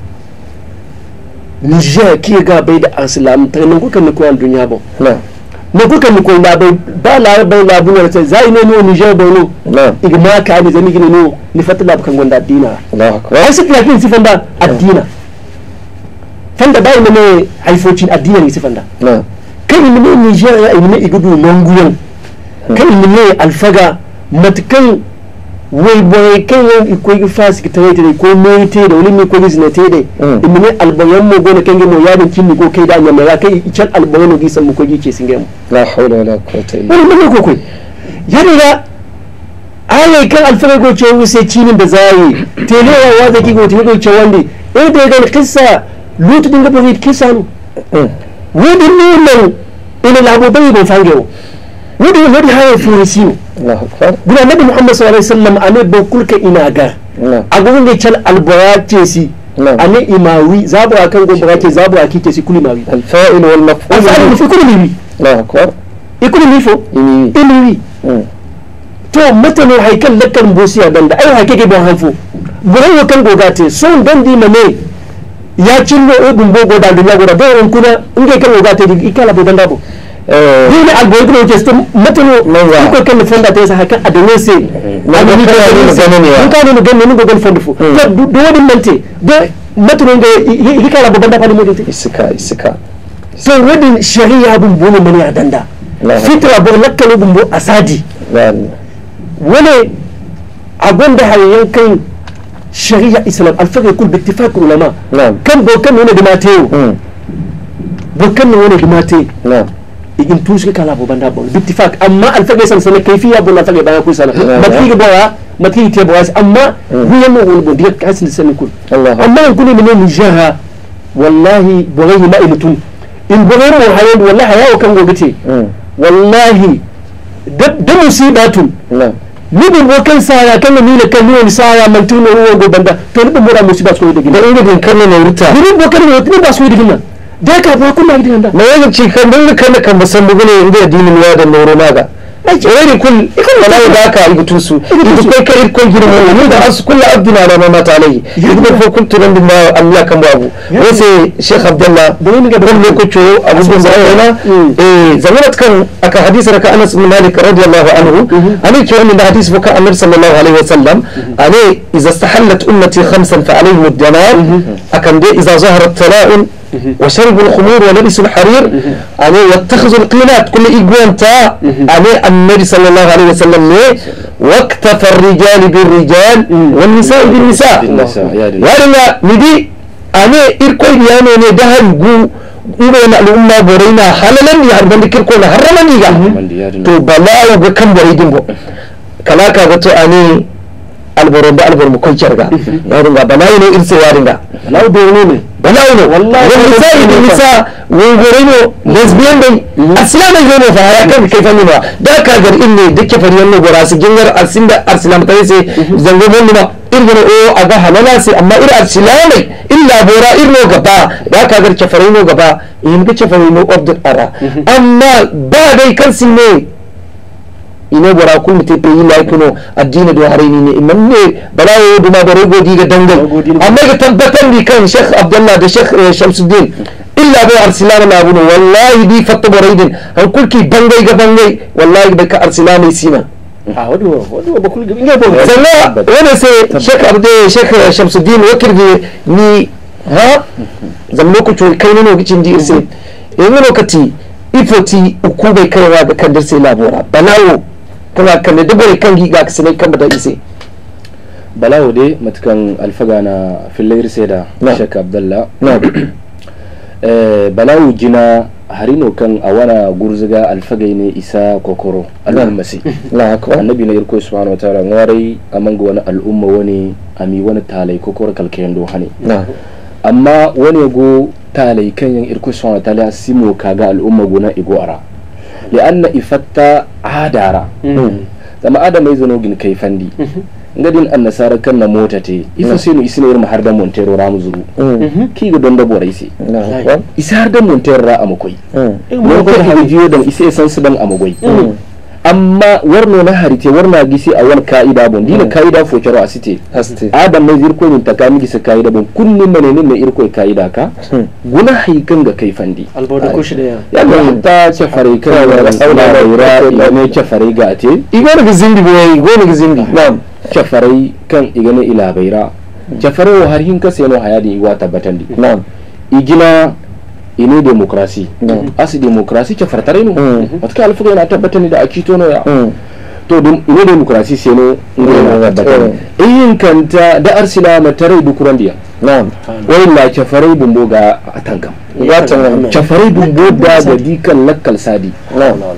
nijar ga bai da arsilam tare nan kuka ni kwa dunya ba kuka ni koy labai ba la bai labu na ta zai ne no Niger bono igma ka ni zami gine no ni fatala kan gonda dina ai su kira kin sifan da addina fanda bai ne haifocin addina ni sifan da kan ni ne Niger ya ni igudu manguyan kan ni ne alfaga matakan. wayboyekeye ikweegi fasikitawaytede ikwe moyitede olimi ikweegi zinatede imini alboyanmo gona kenge mo yadin kinni go keyda ñamera ke ical alboyano gi sammo koygi cesingemo la hawla wala quwata illa wala mane kokoy yadira ayay kan alfaga go cewu se cinin da zayi tele ya waza ki go tele go cewandi e da gan qissa lutu dinga bari kisa no wodi nunan ina labo bayi go fangewo wodi wodi hayo furisino bina nabi muhammad sallallahu alaihi wasallam ane bo kulka ina ga agun ne chal albarate si ane imawi zabu akan go barate zabu akite si kuli mawi al fa'il wal maf'ul al fa'il fi kulli mi la akbar ikuli mi fo imi hmm. to matano haikan lakkan bosiya danda ai hakike ban hanfo burai wakan gogate son dandi mame ya cillo e bumbo goda dunya goda bayan kuna inge kan gogate ikala bo danda bo yule eh. algorithm ke sto matano ko kan fonda ta haka adanese eh. na ni ko ni zanani ya kan ni ganni ni gogon fondu fu do wodi mante do matano ga hikara babban da fani mu dinta isika isika so wadin shari'a bun bono mani a danda fitra bun lakkalo bun bo asadi wani abun da hayyan kai shari'a islam alfaqa kul bi ittifaq ulama kan bo kan ne da mateo hmm. bo kan ne da mateo igin tushe kala bo banda bon bittifak amma al fage san sana kayfiya bon fage baya ku sana matki bo ya matki te bo amma huwa mo wol bon direct kasin sana kun amma en kuni min jaha wallahi bogay ma ilutun in bogay mo hayo wallahi hayo kan go bite mm. wallahi da musibatu ni nibin wo kan saya kan ni ne kan ni ne saya man tuno wo go banda to ni mo da musibatu ko da gina ni irin kan ne ruta nibin bo kan ne ba so da gina dai ka kuna da mai yaji cikin kan kan musan bugune inda dinin ya da noro naga wani kun da aka albutu su duk kai kai kun girma ne da asu kullu abdina da mama ta alai kun din ba Allah kan babu wai sai Sheikh Abdullah kun ne kuce Abu Bin Zaina mm. eh zamanat kan aka hadisi raka Anas bin Malik radiyallahu anhu mm-hmm. Mm-hmm. ani ce wannan da hadisi baka Annabi sallallahu alaihi wasallam mm-hmm. ani stahallat ummati khamsan fa alaihim ad akan zaharat tala'un وشرب الخمور ولبس الحرير يعني واتخذوا القينات كل إيجوان تا يعني النبي صلى الله عليه وسلم ليه واكتفى الرجال بالرجال والنساء بالنساء يارنا ندي يعني إيركوين يعني دهن جو إيرنا الأمة بورينا حللا يعني بندك إيركوين حرما نيجا تو بلاو بكم بريدين بو كلاكا بتو alboro da alboro mu koycer ga yadin ga bala'i ne irse yadin ga bala'i do ne bala'i ne wallahi nisa ne nisa wongore no lesbian dai mm-hmm. asilamai zo ne fa ya kan kai fanni ba da ka gar inne dukke fari yanno gora su gingar arsinda arsilam kai sai mm-hmm. zango mun ba irgina o oh, a aga halala sai amma ir arsilamai illa bora irno gaba da ka gar ke fari gaba in ga ke fari eh, of the ara mm-hmm. amma ba dai kan ne. Ina bora kul mite pe ila kuno addini do harini ne imam ne bala yo duma bare godi ga dangal amma ga tabbatan di kan sheikh abdullah da sheikh eh, shamsuddin illa bai arsilana na bunu wallahi di fatta boraidin an kulki bangai ga bangai wallahi bai ka arsilana sina sannan wani sai sheikh abdu sheikh eh, shamsuddin wakir ni ha zan cewa kai ne lokacin di irsin mhm. yanzu lokaci ifoti uku bai kai kaiwa ga kandar sai labora balawo kana kame dubare kan giga ka sanai kan bada ise balawo de matukan alfaga na fillayir da shek abdallah eh, balawo jina harino kan a wana gurziga alfagai ne isa kokoro al'ummasi annabi na irko subhanahu wa ta'ala a amanga wani al'umma wani ami wani talai kokoro kalkayan dohane amma wani go talai kan yan irko subhanahu wa ta'ala simo kaga al'umma gona igwara li anna ifatta adara zama adama izano gin kai fandi ngadin an nasara kan na mota te ifa sai mu isine yar har da montero ramu zuru ki ga donda borai se isa har da montero ra amakoi mun ko da hajiyo dan isa san su dan amagoi amma warno na harite warna gisi a wani ka'ida bon dina mm. ka'ida fokero a site adam na zirko min takami gisa ka'ida bon kullum manenin na irko e ka'ida ka hmm. guna haikan ga kai fandi albodo kushi da ya ya ga hmm. ta ce fare kai wa sauna da ira ila ne ce fare ga te igor ga zindi bo yayi gona ga zindi na'am ce fare kan igana ila baira hmm. ce fare wa har hin kase no haya da igwa tabbatan di na'am igina ine demokrasi mm. asi demokrasi ce fartare no mm. kai alfuga yana tabbatar ne da aki to ya mm. to dum ine demokrasi sai ne ngena eh, tabbatar in kanta da arsila duk dukurandiya na'am wai la kafarai bumbo ga atangam ya tangam kafarai bumbo da ga dikan lakkal sadi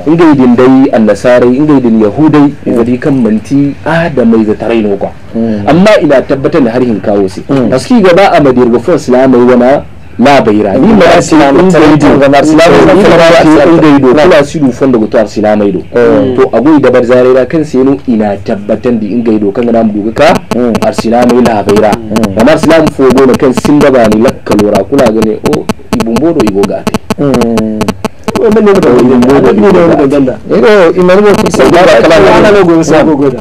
inga yidin dai annasarai inga din yahudai ga dikan manti adamai za tarai ne kwa amma ina tabbatar da harhin kawo sai aski gaba a madirgafon islamai wana na bayra ni ma arsila no tanjo ga arsila no tanjo inda ido kula sidu fondo goto arsila mai to agu da bar zare da kan sai no ina tabbatan da inga ido kan hmm. na mu ka arsila mai la bayra amma arsila mu fogo na kan simba ba ni lakkal wara kula gane o oh, ibumbodo ibo gate hmm. iman mo fi sai da kala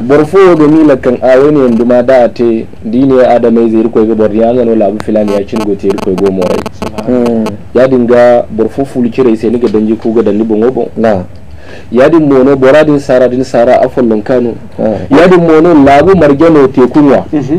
borfo ga mila kan ayo ne yandu ma da te dini dine adamai zai rikoi ga borri an zano labu filani ya cin gote rikoi go morai ya dinga borfo fulu kire sai ni ga danji ku ga danni bon obo na ya din mono boradin sara din sara afon lonkano ya din mono labu margeno te kunwa mhm.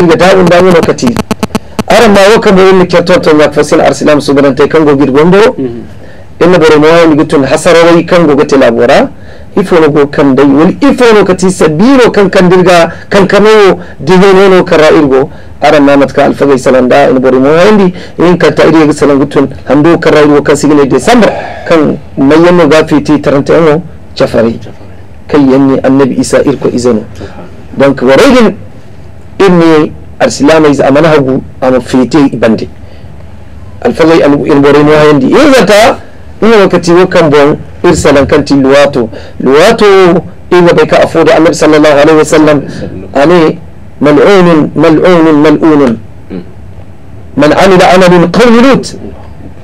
inda damun damu no kati aran ma woka da ni kertoto ma fasil arsilam subrante kango gir gondo mhm. inna bore mo wani gutun hasarawai kango gate ifo ifono go kan dai wal ifono kati sabiro kan kan dirga kan kano dingeno no kara irgo aran namat ka alfagay salanda in bore mo wani in ka ta iri salan gutun hando kara irgo kan signe december kan mayyano gafiti 31 jafari kai yanni annabi isa irko izano donc waregin arsilama arsilamais amana hagu ama fete bande alfagay in boreno hayandi zata ina wakati wo kan bon irsalan kanti luwato luwato inga bai ka afo da annabi sallallahu alaihi wasallam ane mal'un mal'un mal'un man amila amalan qawlut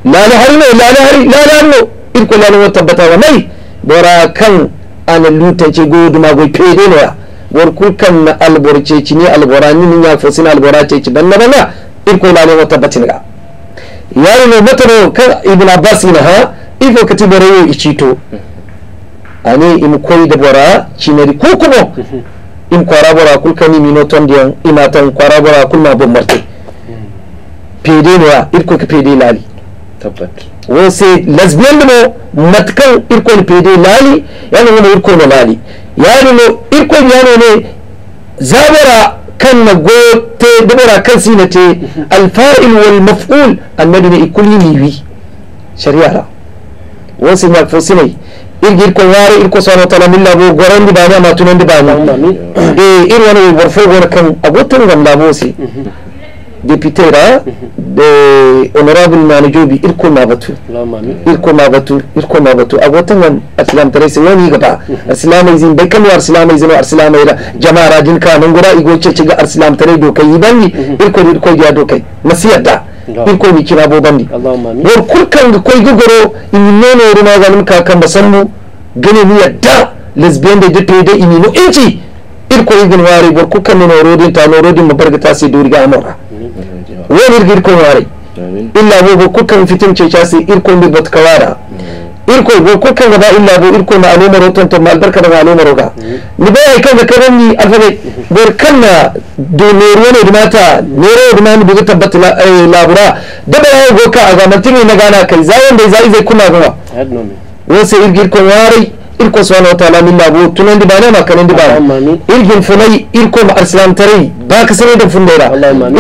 la la laharino la la laharino irko la no tabbata wa mai bora kan ana lutance goduma go pede ne ya warku na albor ne albora ne ya fosina albora ceci banna banna irko ne wata batinga yari no matano ka ibn abbas ina ha ifo kati bore ichito ani im koy da bora cinari ko kuma im kwara bora kul kani mino tondiyan ina tan kwara bora kul ma bon marte pede no irko ka pede lali tabbat wo lesbian lesbienne mo matkan irkon pede lali yana mo irkon mo lali yani no irkon yana ne zabara kan na gote dabara kan te alfa'il wal maf'ul annabi ne ikulli niwi shari'a la wo se ma fosinai irgir ko waare irko subhana wa taala milla bo gorandi bani ama tunandi bani e eh, ir wona worfo gona kan a gottan gam labosi mhm. deputera de honorable mani jobi irko na batu irko na batu irko na batu agotan aslam sai wani gaba ka nan ga aslam tare do banni irko irko ya do da irko mi kira bo banni war kurkan ga koi gogoro in nono ruma ganin kakan basannu gane ni yadda lesbian da dite da inino inci irko igin ware war kurkan ne norodin ta norodin mabarga ta sai duriga amara. weliga irkowaanay ilaa buuba ku kan fitin jeejaasi irkol midbad kawaana irkol buu ku kan rabaa ilaa buu irkolna anuumaro tonto maalbarkana anuumaroga nibahay kaga karani alfabe gorkana neerwano dhimata neeroo dhimaan buga tabat laabura eh, dabalahay goka agamantingi nagana kai zaayan bay zaa'izay kunaaguga irga irgirkon waaray إلكو سبحانه وتعالى من لابو تنين دبانا ما كنين دبانا إلكن فني إلكو مع السلام تري باك سنيدا فندورا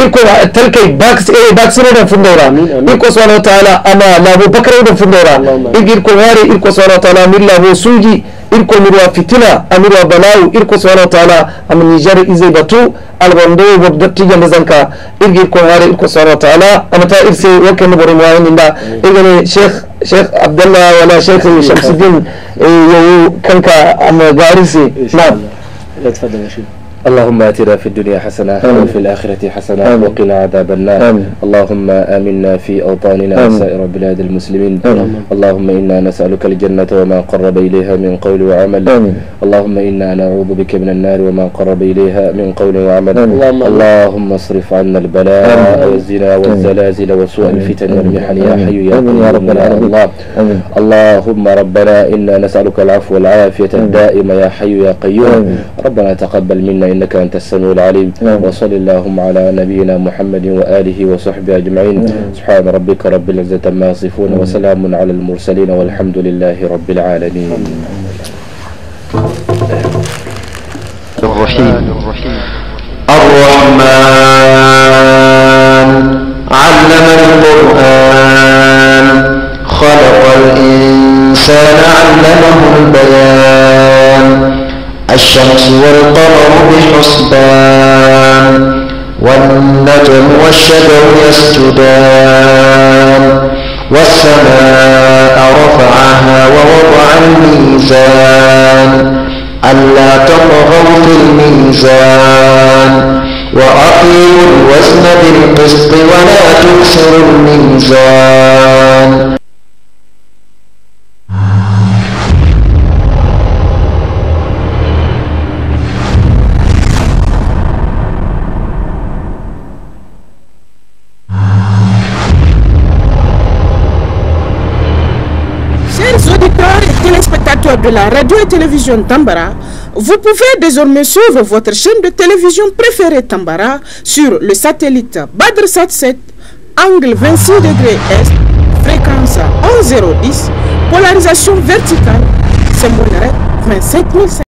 إلكو تلكي باك إيه باك سنيدا فندورا إلكو سبحانه وتعالى أما لابو بكر إيدا فندورا إلكو واري إلكو سبحانه وتعالى من لابو سوجي irko mid waa fitina amid waa balaawu irko subhana wa taala amanijare izay batu albandow babdatija mazanka irgi irko hare irko subhana wa taala amata irse wakena borim waayininda irgani sheekh sheekh abdallah wala sheekh shamsuddin eh, yow kanka ama gaarisi naam اللهم اتنا في الدنيا حسنة آمين. وفي الآخرة حسنة آمين. وقنا عذاب النار اللهم آمنا في أوطاننا وسائر بلاد المسلمين آمين. اللهم إنا نسألك الجنة وما قرب إليها من قول وعمل آمين. اللهم إنا نعوذ بك من النار وما قرب إليها من قول وعمل آمين. اللهم, اصرف عنا البلاء والزنا والزلازل وسوء الفتن والمحن يا حي يا قيوم يا رب العالمين اللهم ربنا إنا نسألك العفو والعافية الدائمة يا حي يا قيوم ربنا تقبل منا إنك أنت السميع العليم نعم. وصل اللهم على نبينا محمد وآله وصحبه أجمعين نعم. سبحان ربك رب العزة ما يصفون نعم. وسلام على المرسلين والحمد لله رب العالمين الرحيم الرحمن علم القرآن خلق الإنسان علمه البيان والشجر يسجدان والسماء رفعها ووضع الميزان ألا تطغوا في الميزان وأقيموا الوزن بالقسط ولا تكسروا الميزان de la radio et télévision Tambara, vous pouvez désormais suivre votre chaîne de télévision préférée Tambara sur le satellite BadrSat 7, angle 26 degrés Est, fréquence 11010, polarisation verticale, symbole 500